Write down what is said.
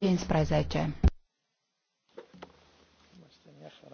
15.